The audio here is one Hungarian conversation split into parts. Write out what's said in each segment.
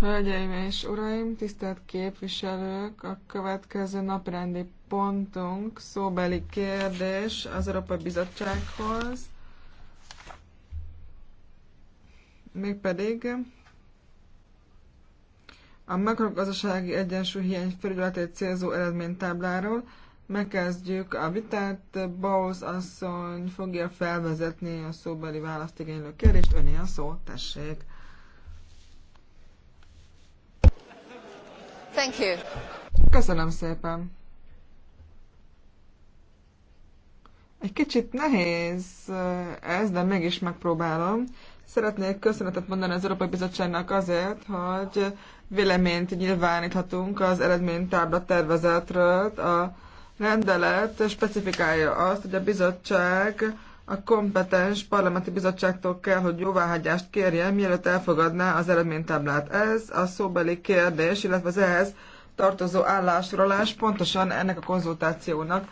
Hölgyeim és uraim, tisztelt képviselők, a következő napirendi pontunk szóbeli kérdés az Európai Bizottsághoz, mégpedig a makrogazdasági egyensúly hiány felügyeletét célzó eredménytábláról, megkezdjük a vitát. Bausz asszony fogja felvezetni a szóbeli választ igénylő kérdést. Öné a szó, tessék. Thank you. Köszönöm szépen. Egy kicsit nehéz eh, ez, de mégis megpróbálom. Szeretnék köszönetet mondani az Európai Bizottságnak azért, hogy véleményt nyilváníthatunk az eredménytábla tervezetről, a rendelet specifikálja azt, hogy a bizottság a kompetens parlamenti bizottságtól kell, hogy jóváhagyást kérjen, mielőtt elfogadná az eredménytáblát. Ez a szóbeli kérdés, illetve az ehhez tartozó állásrolás pontosan ennek a konzultációnak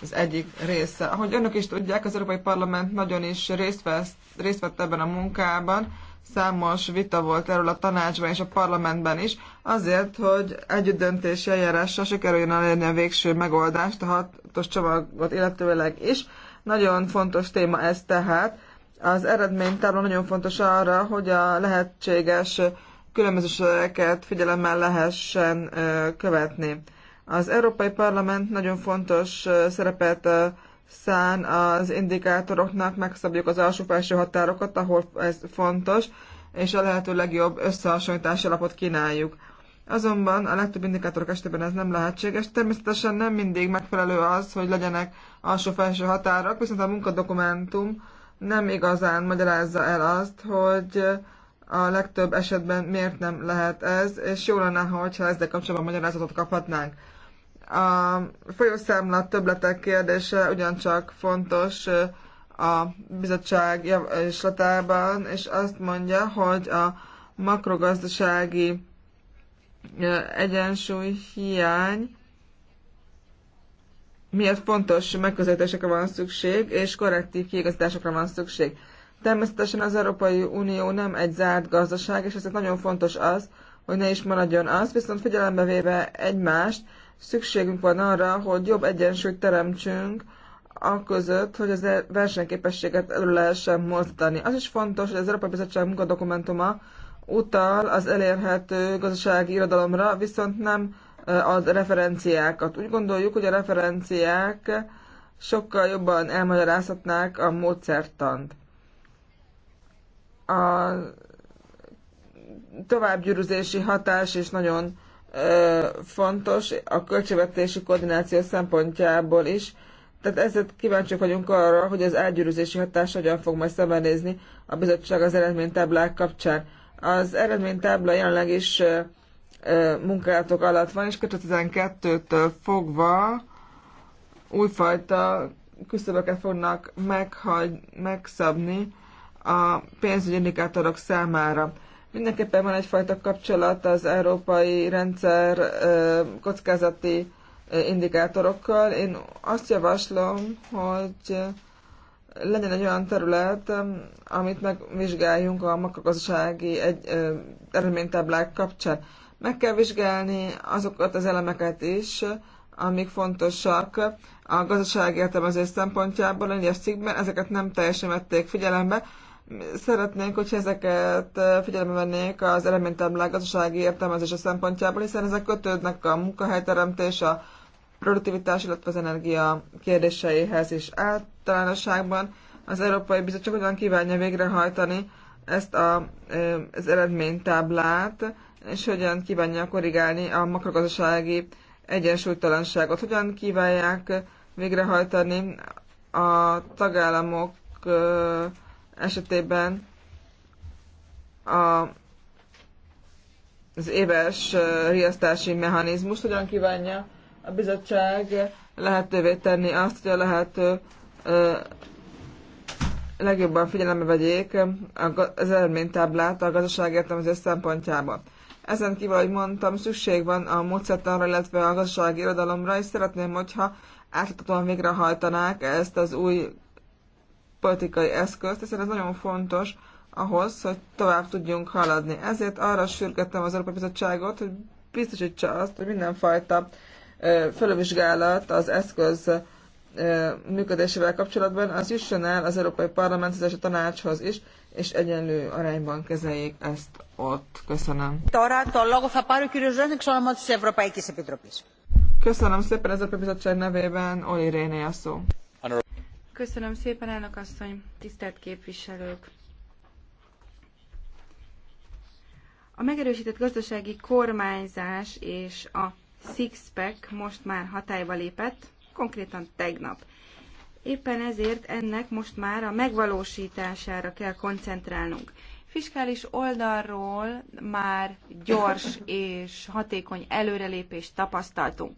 az egyik része. Ahogy önök is tudják, az Európai Parlament nagyon is részt, vesz, részt vett ebben a munkában, számos vita volt erről a tanácsban és a parlamentben is, azért, hogy döntési eljárással sikerüljön elérni a végső megoldást, a hatos csomagot illetőleg is. Nagyon fontos téma ez tehát. Az eredménytábla nagyon fontos arra, hogy a lehetséges különbözőségeket figyelemmel lehessen követni. Az Európai Parlament nagyon fontos szerepet szán az indikátoroknak, megszabjuk az alsó-felső határokat, ahol ez fontos, és a lehető legjobb összehasonlítási alapot kínáljuk. Azonban a legtöbb indikátorok esetében ez nem lehetséges. Természetesen nem mindig megfelelő az, hogy legyenek alsó-felső határok, viszont a munkadokumentum nem igazán magyarázza el azt, hogy a legtöbb esetben miért nem lehet ez, és jó lenne, ha ezzel kapcsolatban magyarázatot kaphatnánk. A folyószámla többletek kérdése ugyancsak fontos a bizottság javaslatában, és azt mondja, hogy a makrogazdasági egyensúly hiány miért fontos megközelítésekre van szükség, és korrektív kiigazításokra van szükség. Természetesen az Európai Unió nem egy zárt gazdaság, és ezért nagyon fontos az, hogy ne is maradjon az, viszont figyelembe véve egymást, szükségünk van arra, hogy jobb egyensúlyt teremtsünk a között, hogy az e- versenyképességet elő lehessen mozdítani. Az is fontos, hogy az Európai Bizottság munkadokumentuma utal az elérhető gazdasági irodalomra, viszont nem az referenciákat. Úgy gondoljuk, hogy a referenciák sokkal jobban elmagyarázhatnák a módszertant. A továbbgyűrűzési hatás is nagyon fontos a költségvetési koordináció szempontjából is. Tehát ezért kíváncsiak vagyunk arra, hogy az elgyűrűzési hatás hogyan fog majd szembenézni a bizottság az eredménytáblák kapcsán. Az eredménytábla jelenleg is munkálatok alatt van, és 2012-től fogva újfajta küszöböket fognak meghagy, megszabni a pénzügyi indikátorok számára. Mindenképpen van egyfajta kapcsolat az európai rendszer kockázati indikátorokkal. Én azt javaslom, hogy legyen egy olyan terület, amit megvizsgáljunk a makrogazdasági eredménytáblák kapcsán. Meg kell vizsgálni azokat az elemeket is, amik fontosak a gazdasági értelmezés szempontjából, a cikkben, ezeket nem teljesen vették figyelembe, szeretnénk, hogy ezeket figyelembe vennék az eleménytáblák gazdasági értelmezése szempontjából, hiszen ezek kötődnek a munkahelyteremtés, a produktivitás, illetve az energia kérdéseihez is általánosságban. Az Európai Bizottság hogyan kívánja végrehajtani ezt a, az eredménytáblát, és hogyan kívánja korrigálni a makrogazdasági egyensúlytalanságot. Hogyan kívánják végrehajtani a tagállamok esetében a, az éves riasztási mechanizmus hogyan kívánja a bizottság lehetővé tenni azt, hogy a lehető legjobban figyelembe vegyék az eredménytáblát a gazdaság értelmezés szempontjából. Ezen kívül, ahogy mondtam, szükség van a módszertanra, illetve a gazdasági irodalomra, és szeretném, hogyha átláthatóan végrehajtanák ezt az új politikai eszközt, hiszen ez nagyon fontos ahhoz, hogy tovább tudjunk haladni. Ezért arra sürgettem az Európai Bizottságot, hogy biztosítsa azt, hogy mindenfajta fölvizsgálat az eszköz működésével kapcsolatban az jusson el az Európai parlament és a tanácshoz is, és egyenlő arányban kezeljék ezt ott. Köszönöm. Köszönöm szépen az Európai Bizottság nevében, Oli Réné a szó. Köszönöm szépen, elnök asszony, tisztelt képviselők! A megerősített gazdasági kormányzás és a Sixpack most már hatályba lépett, konkrétan tegnap. Éppen ezért ennek most már a megvalósítására kell koncentrálnunk. Fiskális oldalról már gyors és hatékony előrelépést tapasztaltunk.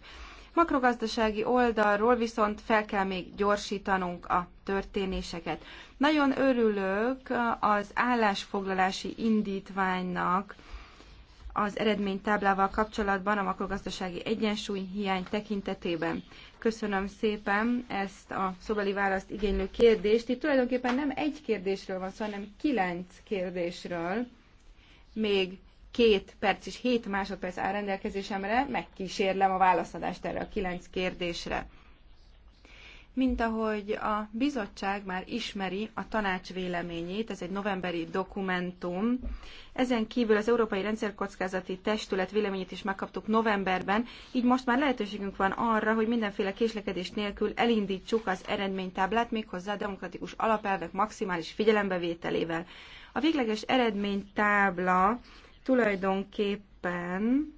Makrogazdasági oldalról viszont fel kell még gyorsítanunk a történéseket. Nagyon örülök az állásfoglalási indítványnak, az eredménytáblával kapcsolatban a makrogazdasági egyensúly hiány tekintetében. Köszönöm szépen ezt a szobeli választ igénylő kérdést. Itt tulajdonképpen nem egy kérdésről van szó, hanem kilenc kérdésről. Még két perc és hét másodperc áll rendelkezésemre, megkísérlem a válaszadást erre a kilenc kérdésre. Mint ahogy a bizottság már ismeri a tanács véleményét, ez egy novemberi dokumentum. Ezen kívül az Európai Rendszerkockázati Testület véleményét is megkaptuk novemberben, így most már lehetőségünk van arra, hogy mindenféle késlekedés nélkül elindítsuk az eredménytáblát, méghozzá a demokratikus alapelvek maximális figyelembevételével. A végleges eredménytábla tulajdonképpen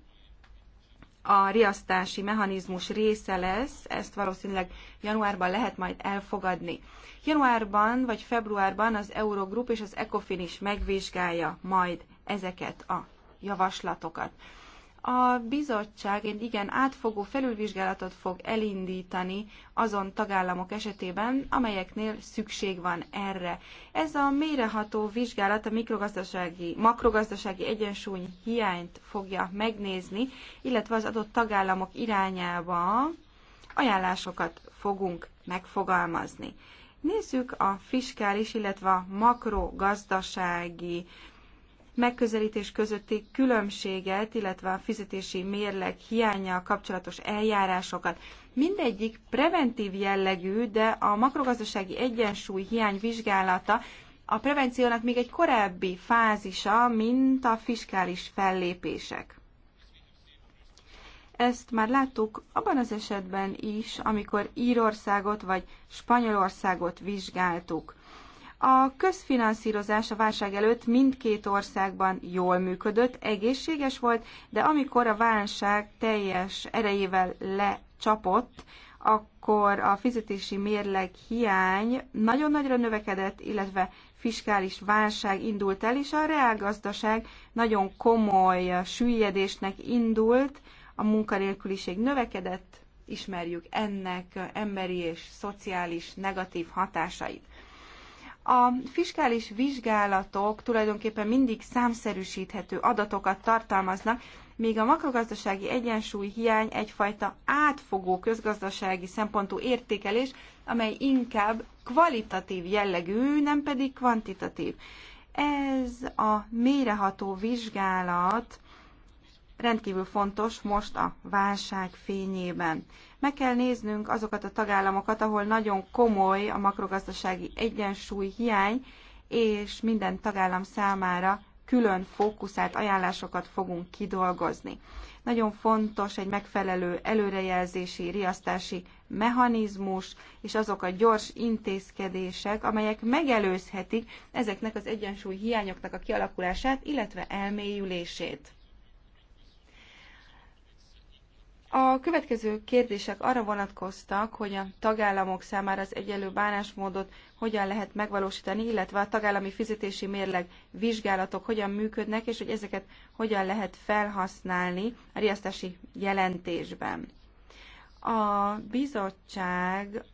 a riasztási mechanizmus része lesz, ezt valószínűleg januárban lehet majd elfogadni. Januárban vagy februárban az Eurogroup és az ECOFIN is megvizsgálja majd ezeket a javaslatokat a bizottság egy igen átfogó felülvizsgálatot fog elindítani azon tagállamok esetében, amelyeknél szükség van erre. Ez a méreható vizsgálat a mikrogazdasági, makrogazdasági egyensúly hiányt fogja megnézni, illetve az adott tagállamok irányába ajánlásokat fogunk megfogalmazni. Nézzük a fiskális, illetve a makrogazdasági megközelítés közötti különbséget, illetve a fizetési mérleg hiánya kapcsolatos eljárásokat. Mindegyik preventív jellegű, de a makrogazdasági egyensúly hiány vizsgálata a prevenciónak még egy korábbi fázisa, mint a fiskális fellépések. Ezt már láttuk abban az esetben is, amikor Írországot vagy Spanyolországot vizsgáltuk. A közfinanszírozás a válság előtt mindkét országban jól működött, egészséges volt, de amikor a válság teljes erejével lecsapott, akkor a fizetési mérleg hiány nagyon nagyra növekedett, illetve fiskális válság indult el, és a reálgazdaság nagyon komoly süllyedésnek indult, a munkanélküliség növekedett, ismerjük ennek emberi és szociális negatív hatásait. A fiskális vizsgálatok tulajdonképpen mindig számszerűsíthető adatokat tartalmaznak, még a makrogazdasági egyensúly hiány egyfajta átfogó közgazdasági szempontú értékelés, amely inkább kvalitatív jellegű, nem pedig kvantitatív. Ez a méreható vizsgálat rendkívül fontos most a válság fényében. Meg kell néznünk azokat a tagállamokat, ahol nagyon komoly a makrogazdasági egyensúly hiány, és minden tagállam számára külön fókuszált ajánlásokat fogunk kidolgozni. Nagyon fontos egy megfelelő előrejelzési, riasztási mechanizmus, és azok a gyors intézkedések, amelyek megelőzhetik ezeknek az egyensúly hiányoknak a kialakulását, illetve elmélyülését. A következő kérdések arra vonatkoztak, hogy a tagállamok számára az egyenlő bánásmódot hogyan lehet megvalósítani, illetve a tagállami fizetési mérleg vizsgálatok hogyan működnek, és hogy ezeket hogyan lehet felhasználni a riasztási jelentésben. A bizottság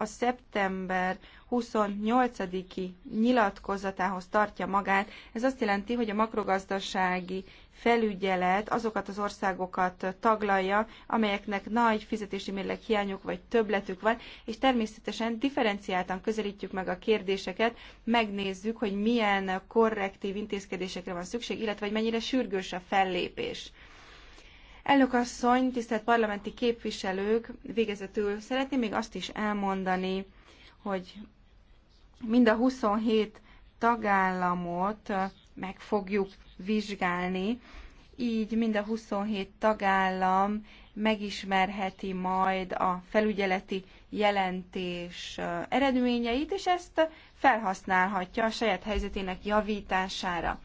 a szeptember 28-i nyilatkozatához tartja magát. Ez azt jelenti, hogy a makrogazdasági felügyelet azokat az országokat taglalja, amelyeknek nagy fizetési mérleg hiányuk vagy többletük van, és természetesen differenciáltan közelítjük meg a kérdéseket, megnézzük, hogy milyen korrektív intézkedésekre van szükség, illetve hogy mennyire sürgős a fellépés. Elnök asszony, tisztelt parlamenti képviselők, végezetül szeretném még azt is elmondani, hogy mind a 27 tagállamot meg fogjuk vizsgálni, így mind a 27 tagállam megismerheti majd a felügyeleti jelentés eredményeit, és ezt felhasználhatja a saját helyzetének javítására.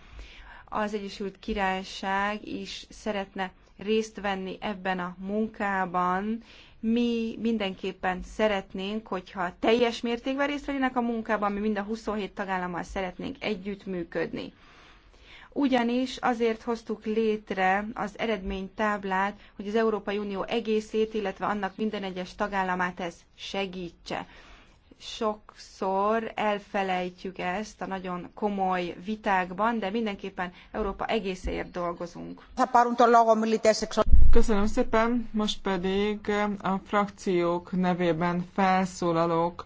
Az Egyesült Királyság is szeretne részt venni ebben a munkában. Mi mindenképpen szeretnénk, hogyha teljes mértékben részt vegyenek a munkában, mi mind a 27 tagállammal szeretnénk együttműködni ugyanis azért hoztuk létre az eredménytáblát, hogy az Európai Unió egészét, illetve annak minden egyes tagállamát ez segítse. Sokszor elfelejtjük ezt a nagyon komoly vitákban, de mindenképpen Európa egészéért dolgozunk. Köszönöm szépen, most pedig a frakciók nevében felszólalók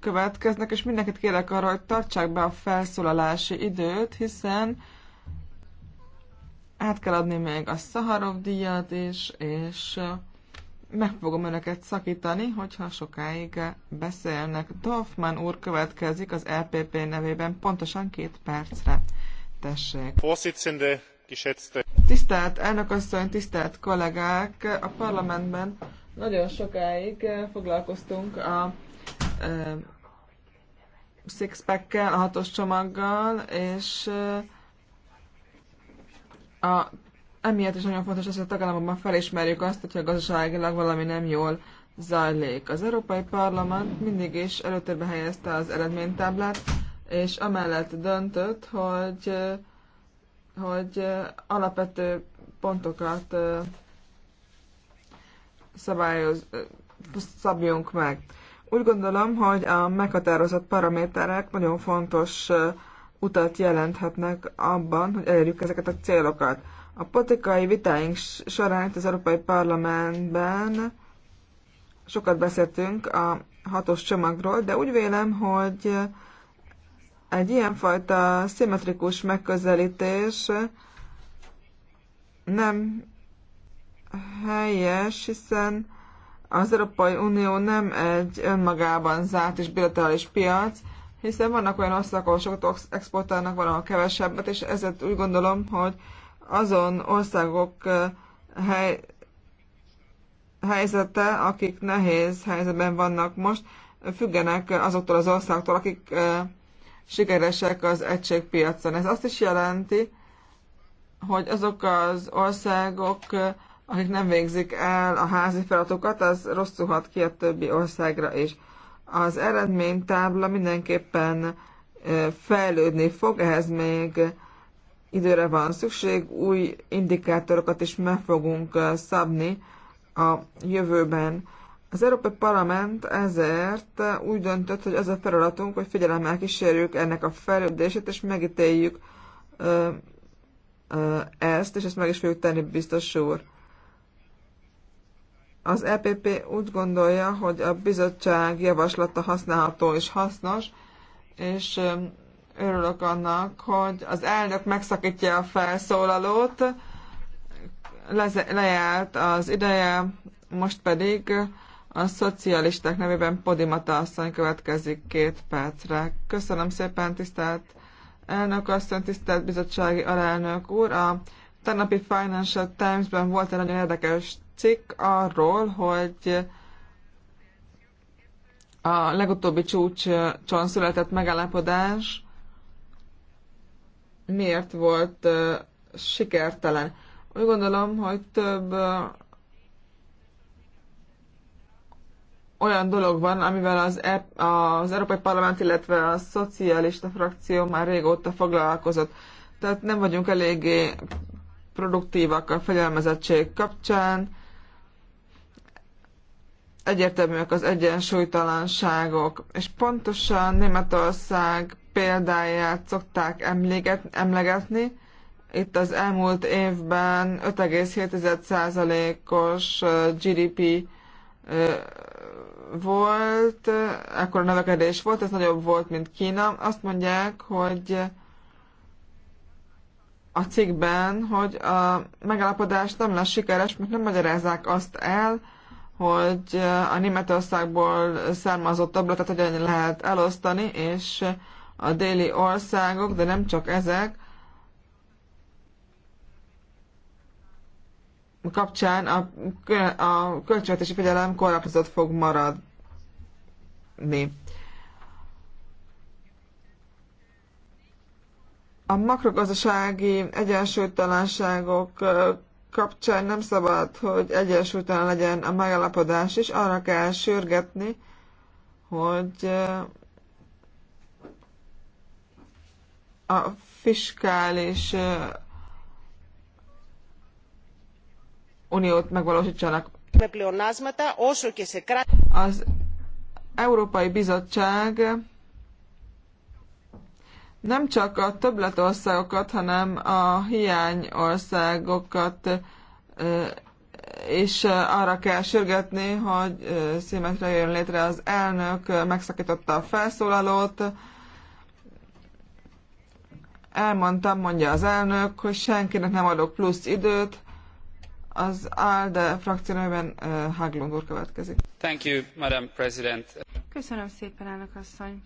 következnek, és mindenkit kérek arra, hogy tartsák be a felszólalási időt, hiszen át kell adni még a Szaharov díjat is, és meg fogom önöket szakítani, hogyha sokáig beszélnek. Dorfman úr következik az LPP e nevében pontosan két percre. Tessék. Tisztelt elnökasszony, tisztelt kollégák! A parlamentben nagyon sokáig foglalkoztunk a e, sixpack-kel, a hatos csomaggal, és e, a, emiatt is nagyon fontos az, hogy a tagállamokban felismerjük azt, hogyha gazdaságilag valami nem jól zajlik. Az Európai Parlament mindig is előtérbe helyezte az eredménytáblát, és amellett döntött, hogy, hogy alapvető pontokat szabályoz, szabjunk meg. Úgy gondolom, hogy a meghatározott paraméterek nagyon fontos utat jelenthetnek abban, hogy elérjük ezeket a célokat. A politikai vitáink során itt az Európai Parlamentben sokat beszéltünk a hatos csomagról, de úgy vélem, hogy egy ilyenfajta szimmetrikus megközelítés nem helyes, hiszen az Európai Unió nem egy önmagában zárt és bilaterális piac, hiszen vannak olyan országok, ahol sokat exportálnak, valahol kevesebbet, és ezért úgy gondolom, hogy azon országok hely, helyzete, akik nehéz helyzetben vannak most, függenek azoktól az országoktól, akik sikeresek az egységpiacon. Ez azt is jelenti, hogy azok az országok, akik nem végzik el a házi feladatokat, az rosszulhat ki a többi országra is. Az eredménytábla mindenképpen fejlődni fog, ehhez még időre van szükség, új indikátorokat is meg fogunk szabni a jövőben. Az Európai Parlament ezért úgy döntött, hogy az a feladatunk, hogy figyelemmel kísérjük ennek a fejlődését, és megítéljük ezt, és ezt meg is fogjuk tenni, biztos úr. Az EPP úgy gondolja, hogy a bizottság javaslata használható és hasznos, és örülök annak, hogy az elnök megszakítja a felszólalót, lejárt az ideje, most pedig a szocialisták nevében Podimata asszony következik két percre. Köszönöm szépen, tisztelt elnök asszony, tisztelt bizottsági alelnök úr. A tegnapi Financial Times-ben volt egy nagyon érdekes cikk arról, hogy a legutóbbi csúcson született megállapodás miért volt sikertelen. Úgy gondolom, hogy több olyan dolog van, amivel az, e- az Európai Parlament, illetve a szocialista frakció már régóta foglalkozott. Tehát nem vagyunk eléggé produktívak a fegyelmezettség kapcsán, egyértelműek az egyensúlytalanságok, és pontosan Németország példáját szokták emléget, emlegetni. Itt az elmúlt évben 5,7%-os GDP volt, akkor a növekedés volt, ez nagyobb volt, mint Kína. Azt mondják, hogy a cikkben, hogy a megállapodás nem lesz sikeres, mert nem magyarázzák azt el, hogy a Németországból származó többletet hogyan lehet elosztani, és a déli országok, de nem csak ezek, kapcsán a, a költségvetési figyelem korlátozott fog maradni. A makrogazdasági egyensúlytalanságok kapcsán nem szabad, hogy egyensúlytalan legyen a megalapodás, és arra kell sürgetni, hogy eh, a fiskális eh, uniót megvalósítsanak. Az Európai Bizottság nem csak a többletországokat, hanem a hiányországokat és arra kell sürgetni, hogy szímekre jön létre az elnök, megszakította a felszólalót, elmondtam, mondja az elnök, hogy senkinek nem adok plusz időt, az ALDE frakcióban Haglund úr következik. Thank you, Madam President. Köszönöm szépen, elnök asszony.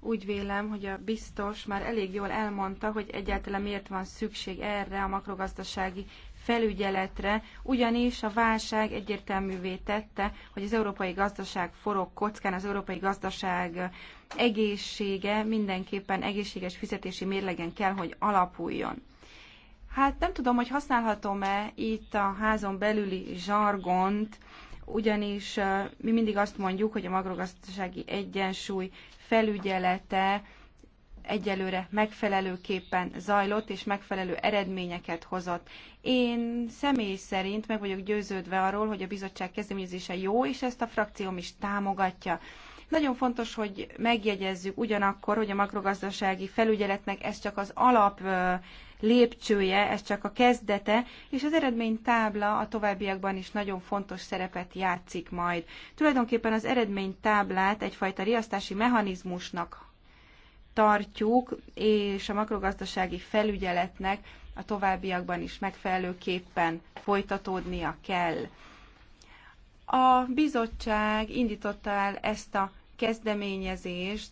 Úgy vélem, hogy a biztos már elég jól elmondta, hogy egyáltalán miért van szükség erre a makrogazdasági felügyeletre, ugyanis a válság egyértelművé tette, hogy az európai gazdaság forog kockán, az európai gazdaság egészsége mindenképpen egészséges fizetési mérlegen kell, hogy alapuljon. Hát nem tudom, hogy használhatom-e itt a házon belüli zsargont, ugyanis mi mindig azt mondjuk, hogy a magrogazdasági egyensúly felügyelete egyelőre megfelelőképpen zajlott és megfelelő eredményeket hozott. Én személy szerint meg vagyok győződve arról, hogy a bizottság kezdeményezése jó, és ezt a frakcióm is támogatja. Nagyon fontos, hogy megjegyezzük ugyanakkor, hogy a makrogazdasági felügyeletnek ez csak az alap lépcsője, ez csak a kezdete, és az eredménytábla a továbbiakban is nagyon fontos szerepet játszik majd. Tulajdonképpen az eredménytáblát egyfajta riasztási mechanizmusnak tartjuk, és a makrogazdasági felügyeletnek a továbbiakban is megfelelőképpen folytatódnia kell. A bizottság indította el ezt a kezdeményezést,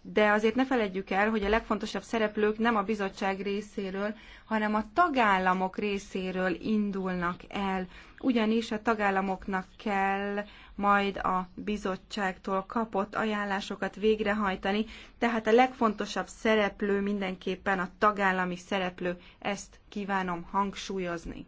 de azért ne feledjük el, hogy a legfontosabb szereplők nem a bizottság részéről, hanem a tagállamok részéről indulnak el, ugyanis a tagállamoknak kell majd a bizottságtól kapott ajánlásokat végrehajtani, tehát a legfontosabb szereplő mindenképpen a tagállami szereplő, ezt kívánom hangsúlyozni.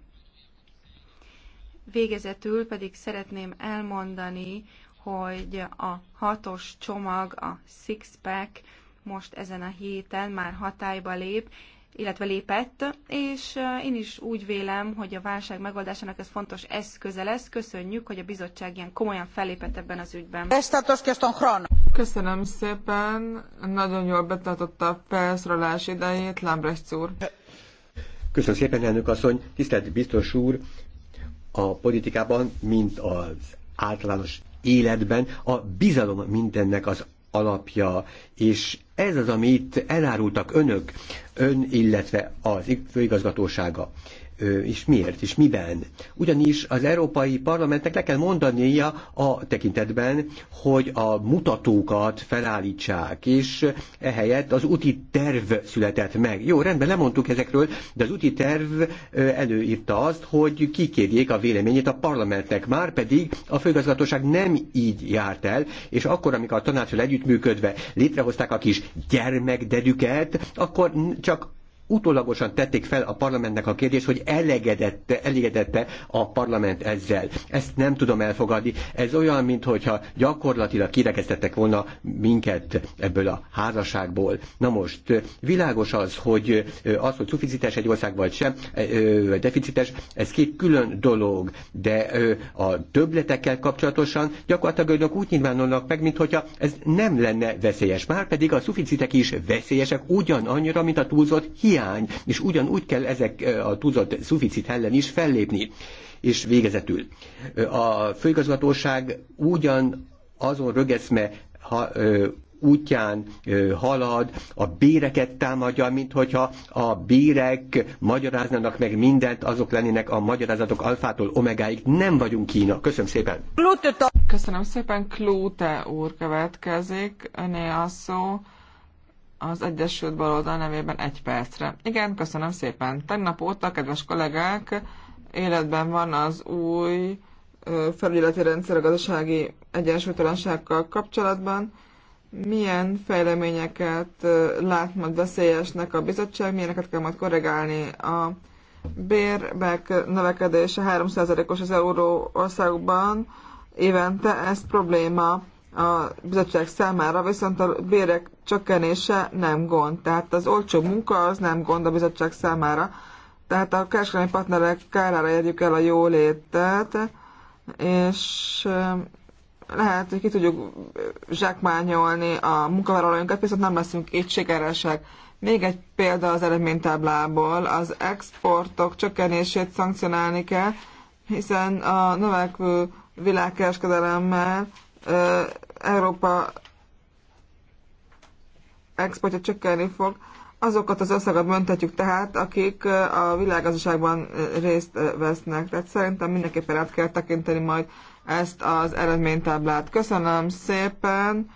Végezetül pedig szeretném elmondani, hogy a hatos csomag, a six-pack most ezen a héten már hatályba lép, illetve lépett, és én is úgy vélem, hogy a válság megoldásának ez fontos eszköze lesz. Köszönjük, hogy a bizottság ilyen komolyan fellépett ebben az ügyben. Köszönöm szépen, nagyon jól betartotta a felszólalás idejét, Lambrecht úr. Köszönöm szépen, elnök asszony, tisztelt biztos úr, a politikában, mint az általános életben a bizalom mindennek az alapja, és ez az, amit elárultak önök, ön, illetve az főigazgatósága és miért, és miben. Ugyanis az Európai Parlamentnek le kell mondania a tekintetben, hogy a mutatókat felállítsák, és ehelyett az úti terv született meg. Jó, rendben, lemondtuk ezekről, de az úti terv előírta azt, hogy kikérjék a véleményét a parlamentnek, már pedig a főgazgatóság nem így járt el, és akkor, amikor a tanácsról együttműködve létrehozták a kis gyermekdedüket, akkor csak utólagosan tették fel a parlamentnek a kérdést, hogy elégedette, elégedette a parlament ezzel. Ezt nem tudom elfogadni. Ez olyan, mintha gyakorlatilag kirekeztettek volna minket ebből a házasságból. Na most, világos az, hogy az, hogy szuficites egy ország vagy sem, deficites, ez két külön dolog, de a többletekkel kapcsolatosan gyakorlatilag önök úgy nyilvánulnak meg, mintha ez nem lenne veszélyes. Márpedig a szuficitek is veszélyesek ugyanannyira, mint a túlzott hiány hiány, és ugyanúgy kell ezek a tudat szuficit ellen is fellépni. És végezetül. A főigazgatóság ugyan azon rögeszme ha, ö, útján ö, halad, a béreket támadja, mint hogyha a bérek magyaráznának meg mindent, azok lennének a magyarázatok alfától omegáig. Nem vagyunk Kína. Köszönöm szépen. Köszönöm szépen, Klóte úr következik. Öné a szó az Egyesült Baloldal nevében egy percre. Igen, köszönöm szépen. Tegnap óta, kedves kollégák, életben van az új felületi rendszer a gazdasági egyensúlytalansággal kapcsolatban. Milyen fejleményeket lát majd veszélyesnek a bizottság, milyeneket kell majd korrigálni a bérbek növekedése 3%-os az euró országban évente, ez probléma a bizottság számára, viszont a bérek csökkenése nem gond. Tehát az olcsó munka az nem gond a bizottság számára. Tehát a kereskedelmi partnerek kárára érjük el a jólétet, és eh, lehet, hogy ki tudjuk eh, zsákmányolni a munkavállalóinkat, viszont nem leszünk így sikeresek. Még egy példa az eredménytáblából. Az exportok csökkenését szankcionálni kell, hiszen a növekvő világkereskedelemmel Európa exportja csökkenni fog, azokat az összeget mondhatjuk tehát, akik a világgazdaságban részt vesznek. Tehát szerintem mindenképpen át kell tekinteni majd ezt az eredménytáblát. Köszönöm szépen!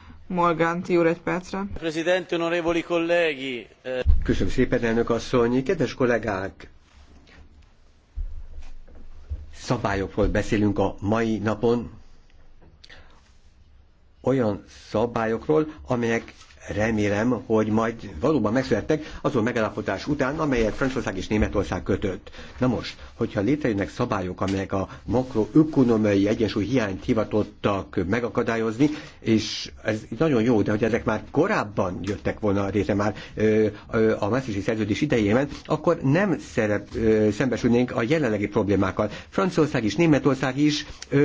ti úr egy percre. Presidente, colleghi. Köszönöm szépen, elnök asszony. Kedves kollégák, szabályokról beszélünk a mai napon, olyan szabályokról, amelyek remélem, hogy majd valóban megszülettek azon megállapodás után, amelyet Franciaország és Németország kötött. Na most, hogyha létrejönnek szabályok, amelyek a makroökonomiai egyensúly hiányt hivatottak megakadályozni, és ez nagyon jó, de hogy ezek már korábban jöttek volna rétre már ö, a Maastrichti szerződés idejében, akkor nem szerep, ö, szembesülnénk a jelenlegi problémákkal. Franciaország és Németország is ö,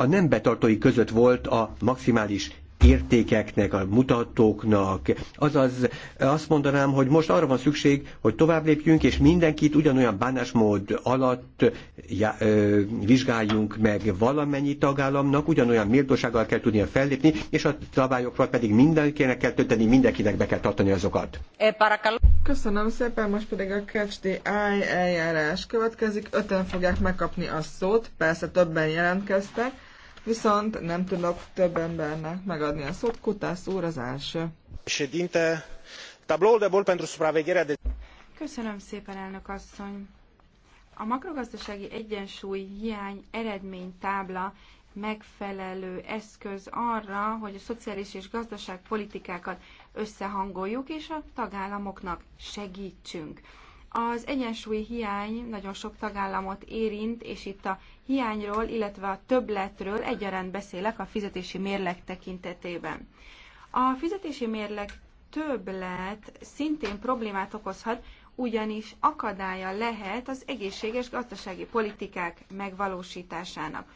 a nem betartói között volt a maximális értékeknek, a mutatóknak. Azaz azt mondanám, hogy most arra van szükség, hogy tovább lépjünk, és mindenkit ugyanolyan bánásmód alatt já, ö, vizsgáljunk meg valamennyi tagállamnak, ugyanolyan méltósággal kell tudnia fellépni, és a szabályokra pedig mindenkinek kell tölteni, mindenkinek be kell tartani azokat. Köszönöm szépen, most pedig a Catch the Eye eljárás következik. Öten fogják megkapni a szót, persze többen jelentkeztek viszont nem tudok több embernek megadni a szót. Kutász úr az első. de pentru supravegherea de... Köszönöm szépen, elnök asszony. A makrogazdasági egyensúly hiány eredménytábla megfelelő eszköz arra, hogy a szociális és gazdaságpolitikákat összehangoljuk, és a tagállamoknak segítsünk. Az egyensúly hiány nagyon sok tagállamot érint, és itt a hiányról, illetve a többletről egyaránt beszélek a fizetési mérleg tekintetében. A fizetési mérleg többlet szintén problémát okozhat, ugyanis akadálya lehet az egészséges gazdasági politikák megvalósításának.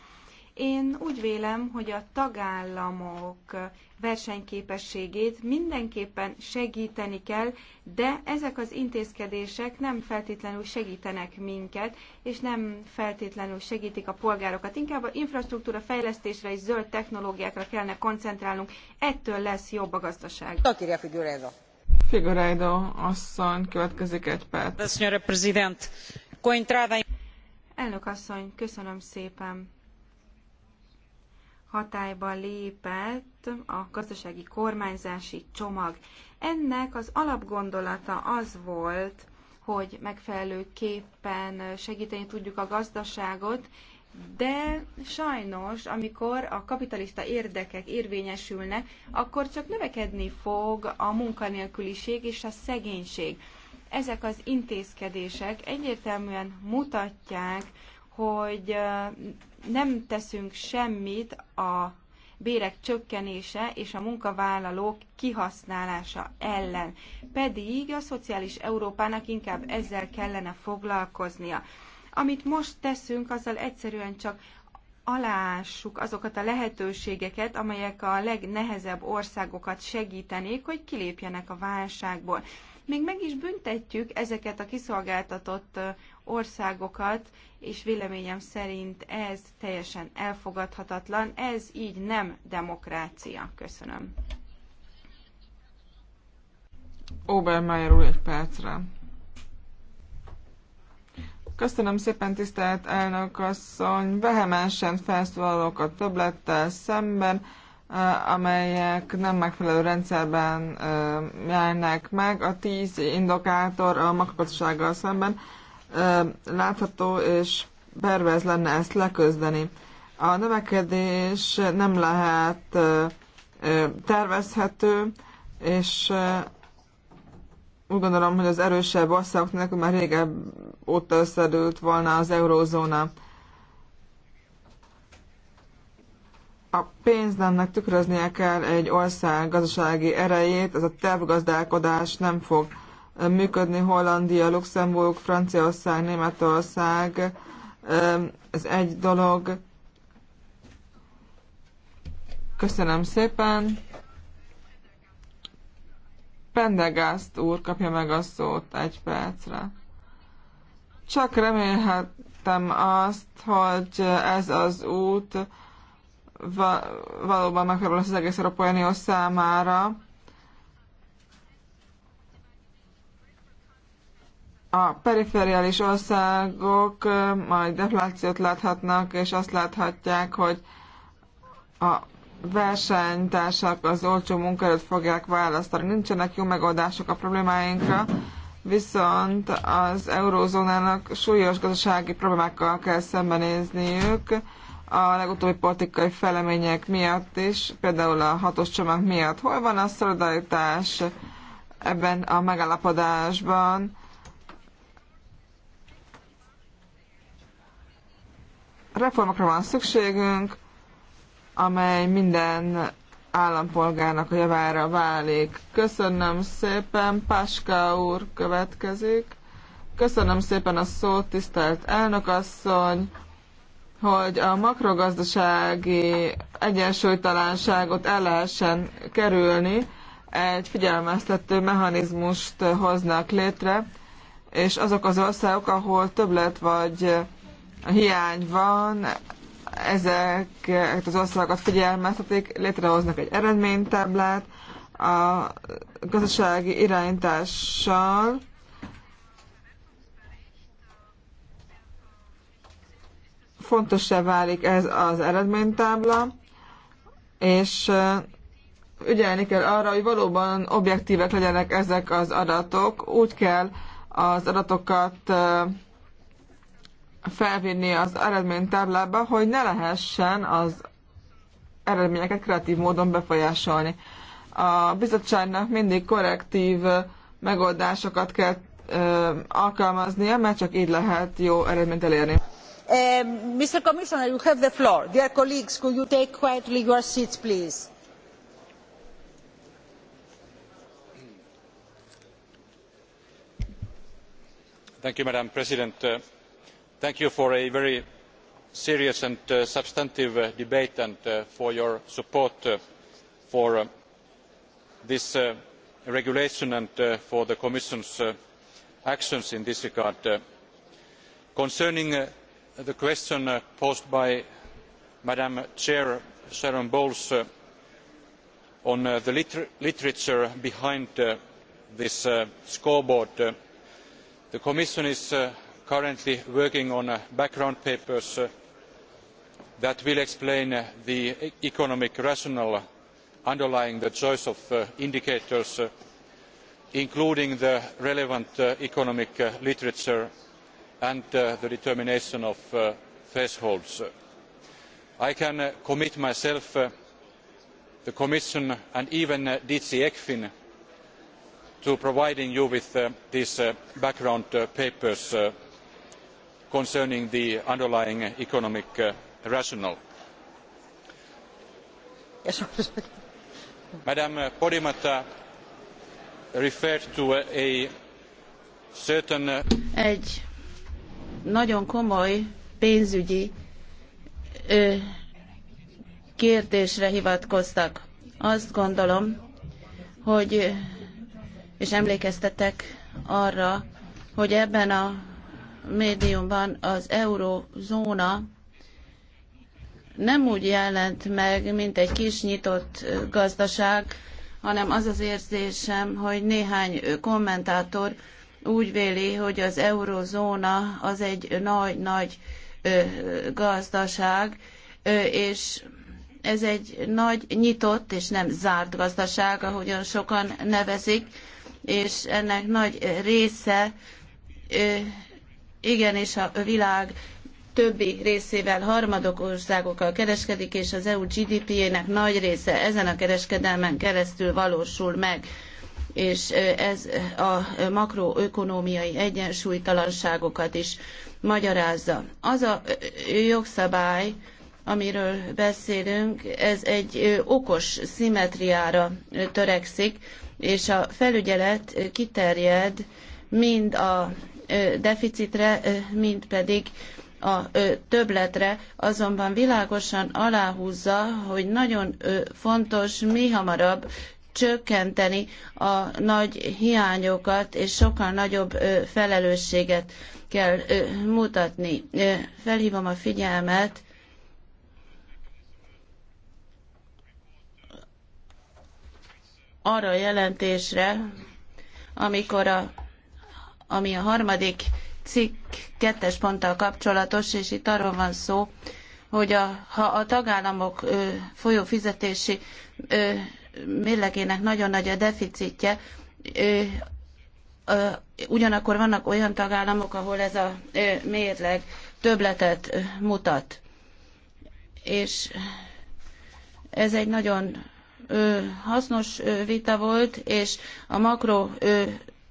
Én úgy vélem, hogy a tagállamok versenyképességét mindenképpen segíteni kell, de ezek az intézkedések nem feltétlenül segítenek minket, és nem feltétlenül segítik a polgárokat. Inkább a infrastruktúra fejlesztésre és zöld technológiákra kellene koncentrálnunk, ettől lesz jobb a gazdaság. Figueiredo asszony, következik egy perc. Elnök asszony, köszönöm szépen hatályba lépett a gazdasági kormányzási csomag. Ennek az alapgondolata az volt, hogy megfelelőképpen segíteni tudjuk a gazdaságot, de sajnos, amikor a kapitalista érdekek érvényesülnek, akkor csak növekedni fog a munkanélküliség és a szegénység. Ezek az intézkedések egyértelműen mutatják, hogy nem teszünk semmit a bérek csökkenése és a munkavállalók kihasználása ellen. Pedig a szociális Európának inkább ezzel kellene foglalkoznia. Amit most teszünk, azzal egyszerűen csak alássuk azokat a lehetőségeket, amelyek a legnehezebb országokat segítenék, hogy kilépjenek a válságból még meg is büntetjük ezeket a kiszolgáltatott országokat, és véleményem szerint ez teljesen elfogadhatatlan, ez így nem demokrácia. Köszönöm. Obermeyer úr egy percre. Köszönöm szépen, tisztelt elnök asszony! Vehemensen felszólalok a többlettel szemben, amelyek nem megfelelő rendszerben jelennek meg. A tíz indokátor a makrogazdasággal szemben látható és pervez lenne ezt leközdeni. A növekedés nem lehet tervezhető, és úgy gondolom, hogy az erősebb országoknak már régebb óta összedült volna az eurózóna. a pénznemnek tükröznie kell egy ország gazdasági erejét, ez a tervgazdálkodás nem fog működni Hollandia, Luxemburg, Franciaország, Németország, ez egy dolog. Köszönöm szépen. Pendegászt úr kapja meg a szót egy percre. Csak remélhettem azt, hogy ez az út, va- valóban megfelelő lesz az egész Európai Unió számára. A perifériális országok majd deflációt láthatnak, és azt láthatják, hogy a versenytársak az olcsó munkaerőt fogják választani. Nincsenek jó megoldások a problémáinkra, viszont az eurózónának súlyos gazdasági problémákkal kell szembenézniük a legutóbbi politikai felemények miatt is, például a hatos csomag miatt. Hol van a szolidaritás ebben a megállapodásban? Reformokra van szükségünk, amely minden állampolgárnak a javára válik. Köszönöm szépen, Páska úr következik. Köszönöm szépen a szót, tisztelt elnökasszony! hogy a makrogazdasági egyensúlytalanságot el lehessen kerülni, egy figyelmeztető mechanizmust hoznak létre, és azok az országok, ahol többlet vagy hiány van, ezek az országokat figyelmeztetik, létrehoznak egy eredménytáblát a gazdasági irányítással, fontossá válik ez az eredménytábla, és ügyelni kell arra, hogy valóban objektívek legyenek ezek az adatok. Úgy kell az adatokat felvinni az eredménytáblába, hogy ne lehessen az eredményeket kreatív módon befolyásolni. A bizottságnak mindig korrektív megoldásokat kell alkalmaznia, mert csak így lehet jó eredményt elérni. Mr. Um, Commissioner, you have the floor. Dear colleagues, could you take quietly your seats, please? Thank you, Madam President. Uh, thank you for a very serious and uh, substantive uh, debate and for your support for this regulation and for the commission's actions in this regard. concerning the question uh, posed by madam chair sharon bowles uh, on uh, the literature behind this scoreboard the commission is currently working on background papers that will explain the e-, economic rationale underlying the choice of indicators including the relevant economic literature and uh, the determination of uh, thresholds. i can uh, commit myself the commission and even dg ecfin to providing you with these background papers concerning the underlying economic rationale. ms podimata referred to a certain nagyon komoly pénzügyi ö, kérdésre hivatkoztak. Azt gondolom, hogy, és emlékeztetek arra, hogy ebben a médiumban az eurózóna nem úgy jelent meg, mint egy kis nyitott gazdaság, hanem az az érzésem, hogy néhány kommentátor úgy véli, hogy az eurozóna az egy nagy-nagy gazdaság, és ez egy nagy, nyitott és nem zárt gazdaság, ahogyan sokan nevezik, és ennek nagy része igenis a világ többi részével, harmadok országokkal kereskedik, és az EU GDP-jének nagy része ezen a kereskedelmen keresztül valósul meg és ez a makroökonómiai egyensúlytalanságokat is magyarázza. Az a jogszabály, amiről beszélünk, ez egy okos szimmetriára törekszik, és a felügyelet kiterjed mind a deficitre, mind pedig a többletre, azonban világosan aláhúzza, hogy nagyon fontos mi hamarabb csökkenteni a nagy hiányokat, és sokkal nagyobb felelősséget kell mutatni. Felhívom a figyelmet arra a jelentésre, amikor a, ami a harmadik cikk kettes ponttal kapcsolatos, és itt arról van szó, hogy a, ha a tagállamok ö, folyó fizetési ö, mérlegének nagyon nagy a deficitje, ugyanakkor vannak olyan tagállamok, ahol ez a mérleg többletet mutat. És ez egy nagyon hasznos vita volt, és a makro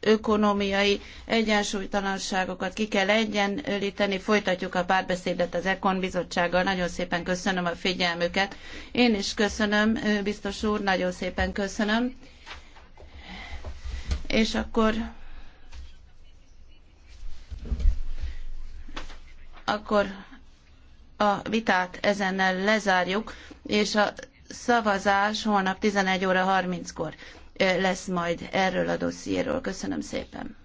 ökonomiai egyensúlytalanságokat ki kell egyenlíteni. Folytatjuk a párbeszédet az Ekon bizottsággal. Nagyon szépen köszönöm a figyelmüket. Én is köszönöm, biztos úr, nagyon szépen köszönöm. És akkor akkor a vitát ezennel lezárjuk, és a szavazás holnap 11 óra 30-kor lesz majd erről a dossziéről. Köszönöm szépen.